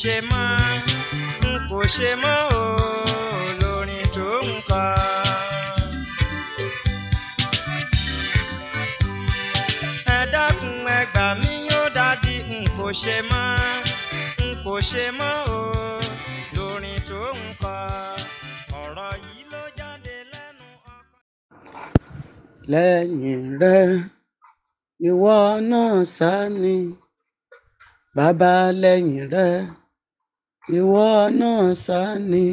ṣe mọ́ n kò ṣe mọ́ o lórin tó ń kọ. ẹ dákun ẹ gbà yóò dádì n kò ṣe mọ́ n kò ṣe mọ́ o lórin tó ń kọ. ọ̀rọ̀ yìí ló jáde lẹ́nu ọkọ. lẹ́yìn rẹ̀ ìwọ náà sá ni bàbá lẹ́yìn rẹ̀ ìwọ náà ṣáá ni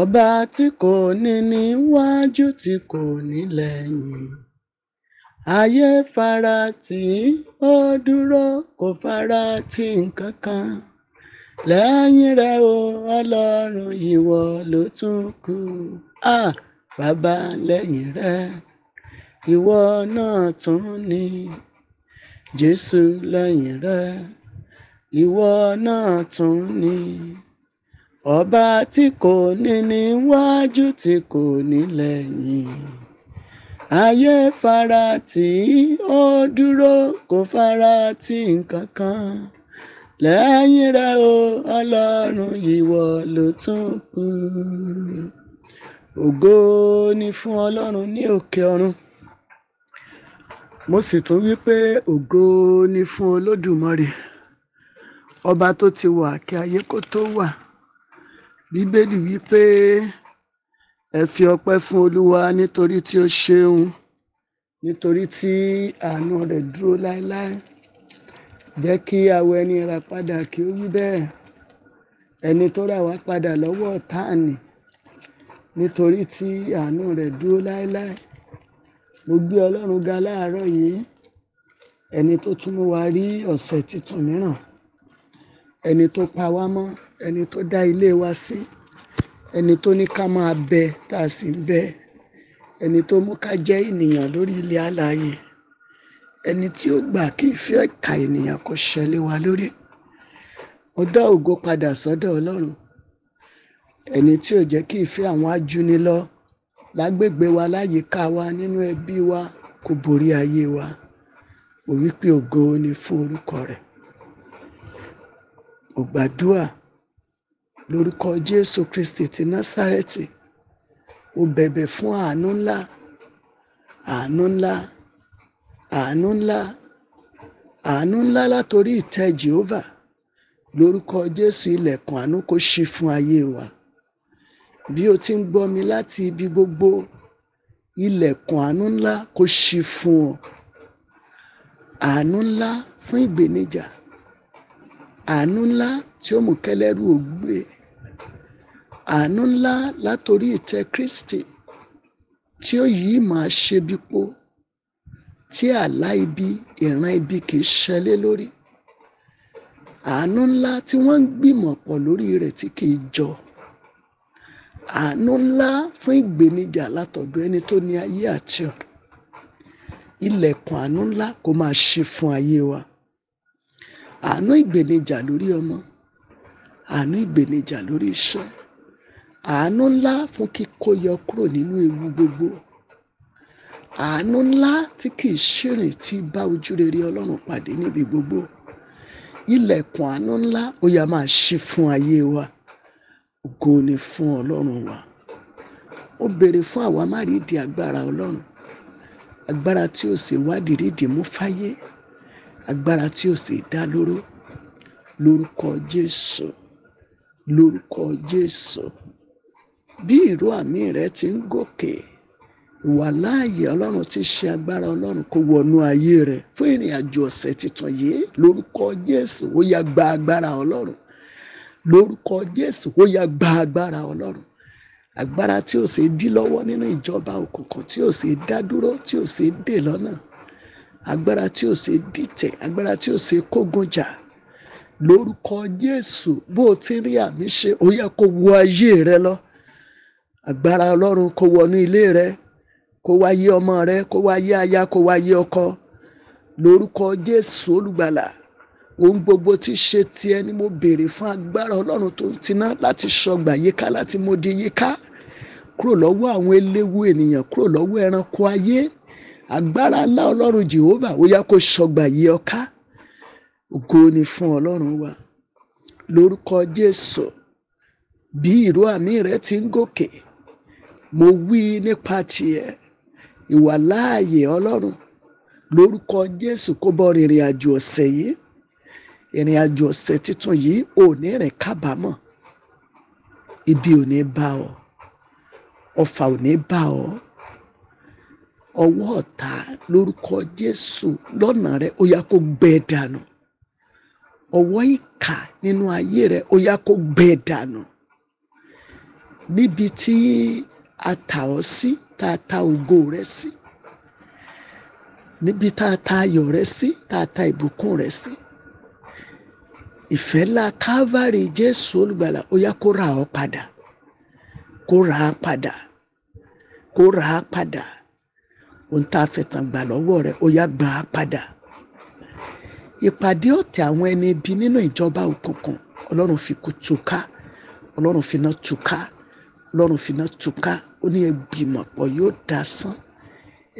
ọba tí kò ní níwájú tí kò ní lẹ́yìn ayé fara tì ó dúró kò fara ti nǹkan kan lẹ́yìn rẹ o ọlọ́run ìwọ ló tún kù áà bàbá lẹ́yìn rẹ ìwọ náà tún ni jésù lẹ́yìn rẹ ìwọ náà tún ni ọba tí kò ní níwájú tí kò ní lẹ́yìn ayé fara tì ó dúró kò fara tì nǹkan kan lẹ́yìn rẹ̀ o ọlọ́run ìwọ ló tún kù ògo ni fún ọlọ́run ní òkè ọ̀run mo sì tún wí pé ògo ni fún olódùmarè ọba tó ti wà kí ayé kó tó wà bíbélì wípé ẹ fi ọpẹ́ fún olúwa nítorí tí ó ṣeun nítorí tí àánú rẹ̀ dúró láéláé jẹ́ kí awọ ẹni rà padà kí ó wí bẹ́ẹ̀ ẹni tó rà wá padà lọ́wọ́ ọ̀tá ni nítorí tí àánú rẹ̀ dúró láéláé mo gbé Ọlọ́run ga láàárọ̀ yìí ẹni tó tún mú wa rí ọ̀sẹ̀ tuntun mìíràn ẹni tó pa wá mọ́ ẹni tó dá ilé wa sí ẹni tó ní ká máa bẹ tá a sì ń bẹ ẹni tó mú ká jẹ́ ènìyàn lórí ilẹ̀ alààyè ẹni tí ó gbà kí ìfẹ́ ẹ̀ka ènìyàn kó ṣẹlẹ̀ wá lórí mo dá ògo padà sọ́dọ̀ Ọlọ́run ẹni tí ò jẹ́ kí ìfẹ́ àwọn ajúnilọ lágbègbè wa láyìíká wa nínú ẹbí wa kò borí ayé wa mo wí pé ògo ni fún orúkọ rẹ̀ mo gbàdúrà lórúkọ Jésù Kristì ti Násárẹ́tì, mo bẹ̀bẹ̀ fún àánú ńlá, àánú ńlá, àánú ńlá, àánú ńlá látorí ìtẹ́ Jèhófà. Lórúkọ Jésù ilẹ̀kùn àánú kó ṣí fún ayé wa. Bí o ti ń gbọ́ mi láti ibi gbogbo, ilẹ̀kùn àánú ńlá kó ṣí fún ọ. Àánú ńlá fún ìgbèníjà àánú ńlá tí ó mú kẹ́lẹ́rú ó gbé àánú ńlá látorí ìtẹ́ Kristi tí ó yí ìmọ̀ àṣebípo tí àlá ibi ìran ibi kìí ṣẹlé lórí àánú ńlá tí wọ́n ń gbìmọ̀ pọ̀ lórí rẹ̀ tí kìí jọ àánú ńlá fún ìgbènijà látọ̀dọ̀ ẹni tó ní ayé àti ọ̀run ilẹ̀kùn àánú ńlá kó máa ṣí fún ayé wa àánú ìgbènijà lórí ọmọ àánú ìgbènijà lórí iṣẹ́ àánú ńlá fún kíkó yọ kúrò nínú ewu gbogbo àánú ńlá tí kìí ṣìrìn tí bá ojú rere Ọlọ́run pàdé níbi gbogbo ilẹ̀kùn àánú ńlá ó yá máa ṣí fún ayé wa ògo ni fún Ọlọ́run wa ó béèrè fún àwa má rídìí agbára Ọlọ́run agbára tí ó sì wádìí rídìí mú fáyé agbára tí ò sì dá lóró lórúkọ Jésù lórúkọ Jésù bí ìró àmì rẹ ti ń gòkè ìwàláàyè Ọlọ́run ti ṣe agbára Ọlọ́run kó wọnú ayé rẹ fún ìrìn àjò ọ̀sẹ̀ tuntun yìí lórúkọ Jésù ó yá gba agbára Ọlọ́run lórúkọ Jésù ó yá gba agbára Ọlọ́run agbára tí ò sì dí lọ́wọ́ nínú ìjọba òkùnkùn tí ò sì dá dúró tí ò sì dè lọ́nà agbára tí ò ṣe dìtẹ̀ agbára tí ò ṣe kógun jà lórúkọ Jésù bó o ti rí àmì ṣe ó yẹ kó wọ ayé rẹ lọ agbára Ọlọ́run kó wọnú ilé rẹ kó wá yé ọmọ rẹ kó wá yé aya kó wá yé ọkọ lórúkọ Jésù olùgbàlà ohun gbogbo ti ṣe tiẹ̀ ni mo béèrè fún agbára Ọlọ́run tó ń tiná láti ṣọgbà yíká láti di yíká kúrò lọ́wọ́ àwọn eléwu ènìyàn kúrò lọ́wọ́ ẹranko ayé agbára ńlá ọlọ́run jehova ó yá kó sọgbà yí ọ ká ògo ni fún ọlọ́run wa lórúkọ jésù bí ìró àmì rẹ ti ń gòkè mo wí nípa tiẹ̀ ìwà láàyè ọlọ́run lórúkọ jésù kó bọ́ rìnrìn àjò ọ̀sẹ̀ yìí ìrìn àjò ọ̀sẹ̀ tuntun yìí ò ní rìn kábàámọ̀ ibi ò ní bá ọ ọfà ò ní bá ọ ọwọ́ ọ̀tá lórúkọ Jésù lọ́nà rẹ ó yá kó gbẹ dànù ọwọ́ ìkà nínú ayé rẹ ó yá kó gbẹ dànù níbi tí a tà ọ́ sí tá a ta ògo rẹ sí níbi tá a ta ayọ̀ rẹ sí tá a ta ìbùkún rẹ sí ìfẹ́ ńlá Calvary Jésù olùgbàlà ó yá kó rà ọ́ padà kó rà á padà kó rà á padà ohun tá a fẹ̀tàn gbà lọ́wọ́ rẹ̀ ó yá gbà á padà ìpàdé ọ̀tẹ̀ àwọn ẹni ibi nínú ìjọba òkùnkùn ọlọ́run fi kú túká ọlọ́run fi iná túká ọlọ́run fi iná túká ó ní ẹgbìmọ̀ pọ̀ yóò dasán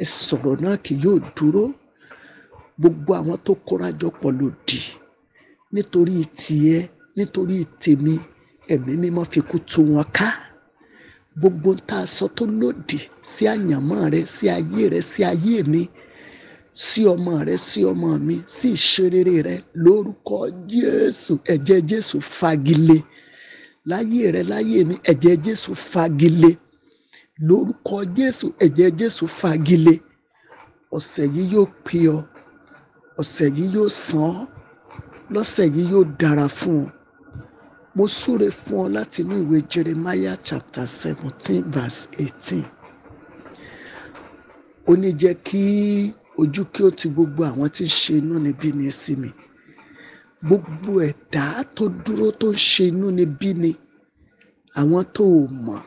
ẹ náà kì yóò dúró gbogbo àwọn tó kórajọpọ̀ lòdì nítorí tiẹ̀ nítorí tèmi ẹ̀mí mímọ́ fi kú tú wọn ká gbogbo tá a sọ tó lòdì sí àyànmọ́ rẹ sí ayé rẹ sí ayé mi sí ọmọ rẹ sí ọmọ mi sí ìṣerere rẹ lórúkọ Jésù ẹ̀jẹ̀ Jésù fagilé láyé rẹ láyé mi ẹ̀jẹ̀ Jésù fagilé lórúkọ Jésù ẹ̀jẹ̀ Jésù fagilé ọ̀sẹ̀ yìí yóò pè ọ́ ọ̀sẹ̀ yìí yóò sàn ọ́ lọ́sẹ̀ yìí yóò dára fún ọ Mo súre fún ọ láti inú ìwé Jeremiah chapter seventeen verse eighteen. Ó ní jẹ́ kí ojú kí ó ti gbogbo àwọn tí ń ṣe inú níbí ni sí mi. Gbogbo ẹ̀dá tó dúró tó ń ṣe inú níbí ni àwọn tó o mọ̀.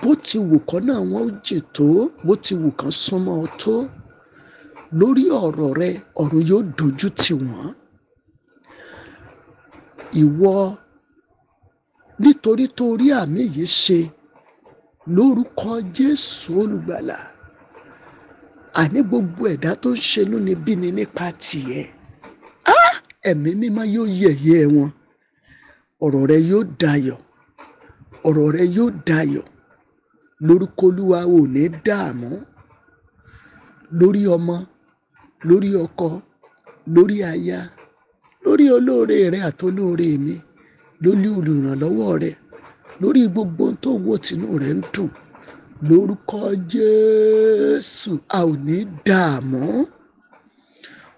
Bó ti wù kán náà wọ́n ó jìn tó, bó ti wù kán súnmọ́ ọ tó. Lórí ọ̀rọ̀ rẹ, ọ̀run yóò dojú tì wọ́n Ìwọ nítorí tó rí àmì yìí ṣe lórúkọ Jésù olùgbàlà, àní gbogbo ẹ̀dá tó ń ṣenú nibíni nípa tìẹ, ah! Ẹ̀mí Mímọ́ yóò yẹ̀yẹ́ wọn, ọ̀rọ̀ rẹ yóò dayọ̀, ọ̀rọ̀ rẹ yóò dayọ̀, lórúkọ Olúwa o ò ní dààmú lórí ọmọ, lórí ọkọ, lórí aya lórí olóore rẹ àtolóore mi lórí olùrànlọ́wọ́ rẹ lórí gbogbo ohun tó ń wò tínú rẹ ń dùn lórúkọ Jésù a ò ní dààmú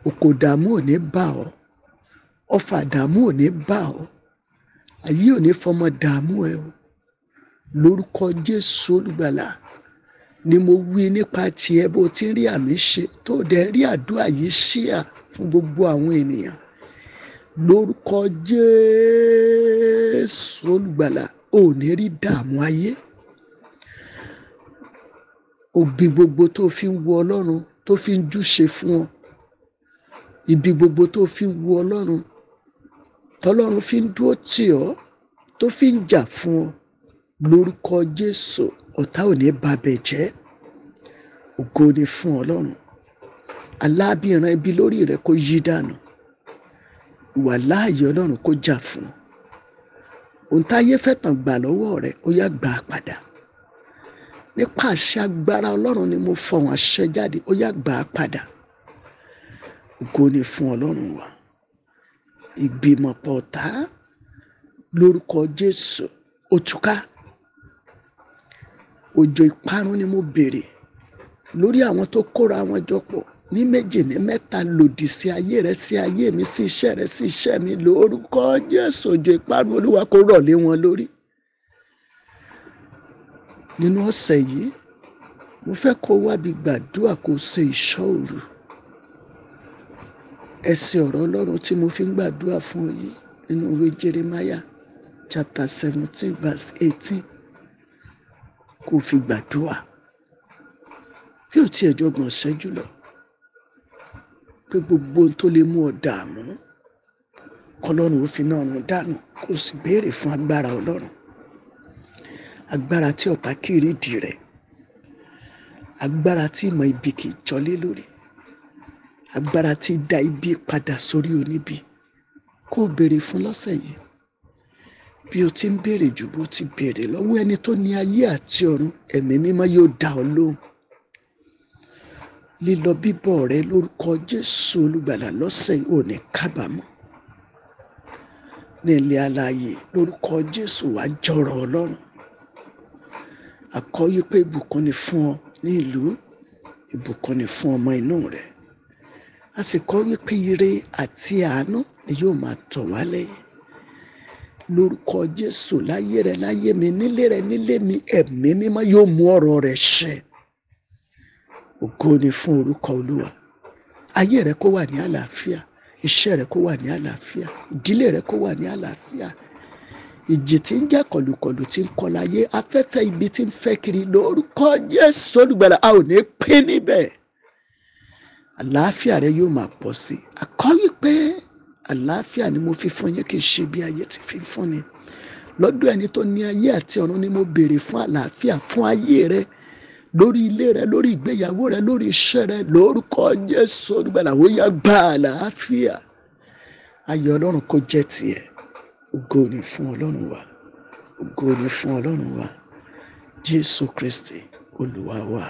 òkò dààmú ò ní bà ọ́ ọfà dààmú ò ní bà ọ́ ayé ò ní fọmọ dààmú ẹ o lórúkọ Jésù olùgbàlà ni mo wí nípa tiẹ̀ bó ti rí àmì ṣe tó dẹ̀ rí àdúrà yìí ṣíà fún gbogbo àwọn ènìyàn lórúkọ jésù olùgbàlà ò ní rí dààmú ayé òbí gbogbo tó fi ń wo ọlọ́run tó fi ń júṣe fún ọ ibi gbogbo tó fi ń wo ọlọ́run tọlọ́run fi ń dúró tì ọ́ tó fi ń jà fún ọ lórúkọ jésù ọ̀tá ò babẹ̀ jẹ́ ògo ni fún ọlọ́run alábìrán ibi lórí rẹ kó yí dànù wàláàhí ọlọ́run kó jà fún ohun táyé fẹ́ tàn gbà lọ́wọ́ rẹ ó yá gbà á padà nípa àṣẹ agbára ọlọ́run ni mo fọ̀hún àṣẹ jáde ó yá gbà á padà ògo ni fún ọlọ́run wa ìgbìmọ̀pọ̀ ọ̀tá lórúkọ jésù òtúká òjò ìparun ni mo béèrè lórí àwọn tó kóra wọn jọ pọ̀ ní méjì ní mẹ́ta lòdì sí ayé rẹ sí ayé mi sí iṣẹ́ rẹ sí iṣẹ́ mi lórúkọ Jésù òjò ìparun Olúwa kó rọ̀ lé wọn lórí. nínú ọ̀sẹ̀ yìí mo fẹ́ kó wábi gbàdúrà kó ṣe ìṣọ́ òru ẹsẹ̀ ọ̀rọ̀ Ọlọ́run tí mo fi ń gbàdúrà fún yìí nínú ìwé Jeremáyà chapter seventeen verse eighteen kó fi gbàdúrà bí ò tiẹ̀ jọgbọ̀n ṣẹ́jú lọ pé gbogbo ohun tó lè mú ọ dààmú kọlọ́run ó fi náà run dànù kó sì béèrè fún agbára ọlọ́run agbára tí ọ̀tá kiri ìdí rẹ̀ agbára tí ìmọ̀ ibi kì í jọlé lórí agbára tí da ibi padà sórí oníbi kó o béèrè fún lọ́sẹ̀ yìí bí o ti ń béèrè jù bó ti béèrè lọ́wọ́ ẹni tó ní ayé àti ọ̀run ẹ̀mí mímọ́ yóò dá ọ lóhùn lílọ bíbọ̀ rẹ lórúkọ Jésù olùgbàlà lọ́sẹ̀ yìí ò ní kábàámọ̀ ní ilé alààyè lórúkọ Jésù wàá jọrọ̀ Ọlọ́run àkọ́yí pé ìbùkún ni fún ọ ní ìlú ìbùkún ni fún ọmọ inú rẹ a sì kọ́ wípé ire àti àánú ni yóò máa tọ̀ wá lẹ́yìn lórúkọ Jésù láyé rẹ láyé mi nílé rẹ nílé mi ẹ̀mí mímọ́ yóò mú ọ̀rọ̀ rẹ ṣẹ ògo ni fún orúkọ olúwa ayé rẹ kó wà ní àlàáfíà iṣẹ́ rẹ kó wà ní àlàáfíà ìdílé rẹ kó wà ní àlàáfíà ìjì tí ń jẹ́ kọ̀lùkọ̀lù tí ń kọlà yé afẹ́fẹ́ ibi tí ń fẹ́ kiri lórúkọ Jésù olùgbàlà a ò ní pín níbẹ̀ àlàáfíà rẹ yóò máa pọ̀ sí àkọ́wé pé àlàáfíà ni mo fi fún yín kì í ṣe bí ayé ti fi fún ni lọ́dọ̀ ẹni tó ní ayé àti ọ̀run ni mo béèrè fún àlàáfíà fún ayé rẹ lórí ilé rẹ lórí ìgbéyàwó rẹ lórí iṣẹ́ rẹ lórúkọ Jésù olùgbàlà ó yá gbà àlàáfíà ayọ̀ Ọlọ́run kó jẹ́ tiẹ̀ ògo ni fún Ọlọ́run wa ògo ni fún Ọlọ́run wa Jésù Kristi Olúwa wa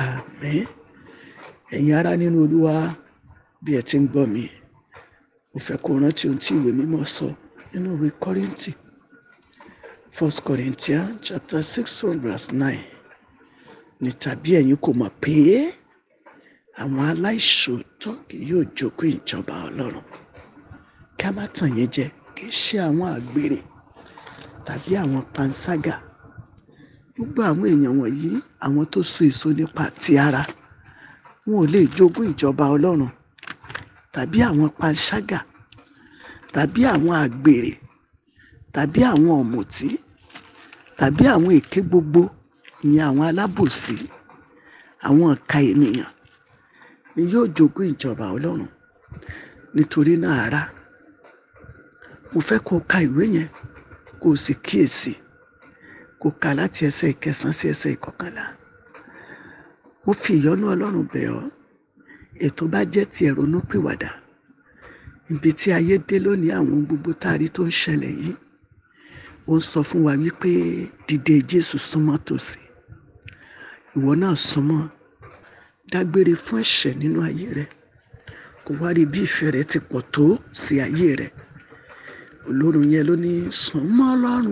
àmín ẹ̀yin ará nínú Olúwa bí ẹ ti ń gbọ́ mi mo fẹ́ kó rántí ohun tí ìwé mímọ́ sọ nínú ìwé Kọ́ríńtì First Corinthians chapter six from verse nine ni tàbí ẹ̀yin kò mọ̀ pé àwọn aláìṣòótọ́ kì yóò jogún ìjọba ọlọ́run ká má tàn yín jẹ kì í ṣe àwọn àgbèrè tàbí àwọn panṣágà gbogbo àwọn èèyàn wọ̀nyí àwọn tó so èso nípa ti ara wọn ò lè jogún ìjọba ọlọ́run tàbí àwọn panṣágà tàbí àwọn àgbèrè tàbí àwọn ọ̀mùtí tàbí àwọn èké gbogbo ìyẹn àwọn alábòsí àwọn ìka ènìyàn ni yóò jogún ìjọba ọlọ́run nítorí náà ará mo fẹ́ kó o ka ìwé yẹn kó o sì kíyèsí kó o kà láti ẹsẹ̀ ìkẹsàn-án sí ẹsẹ̀ ìkọkànlá mo fi ìyọ́nú ọlọ́run bẹ̀ ọ́ ètò bá jẹ́ tiẹ̀ ronú pìwàdà ibi tí ayé dé lónìí àwọn gbogbo tá a rí tó ń ṣẹlẹ̀ yìí ó ń sọ fún wa wípé dìde Jésù súnmọ́ tòsí ìwọ náà súnmọ́ dágbére fún ẹ̀ṣẹ̀ nínú ayé rẹ kó wá rí bí ìfẹ́ rẹ ti pọ̀ tó sí ayé rẹ olórun yẹn ló ní súnmọ́ Ọlọ́run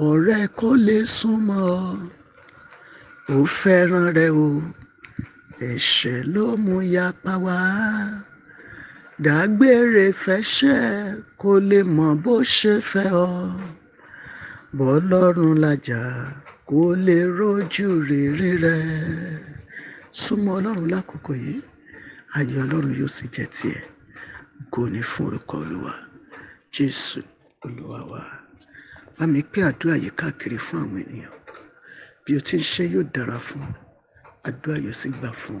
o ọ̀rẹ́ kò lè súnmọ́ ò fẹ́ràn rẹ o ẹ̀ṣẹ̀ ló mú yapa wá dágbére fẹ́ṣẹ̀ kó lè mọ bó ṣe fẹ́ ọ bọ́lọ́run làjà kò lè rójú rere rẹ súnmọ́ Ọlọ́run lákòókò yìí ayọ̀ Ọlọ́run yóò sì jẹ́ tiẹ̀ ògo ni fún orúkọ Olúwa Jésù Olúwa wa bá mi pé àdúrà yìí káàkiri fún àwọn ènìyàn bí o ti ń ṣe yóò dára fún àdúrà yóò sì gbà fún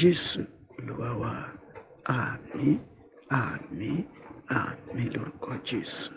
Jésù Olúwa wa àmín àmín àmín lórúkọ Jésù.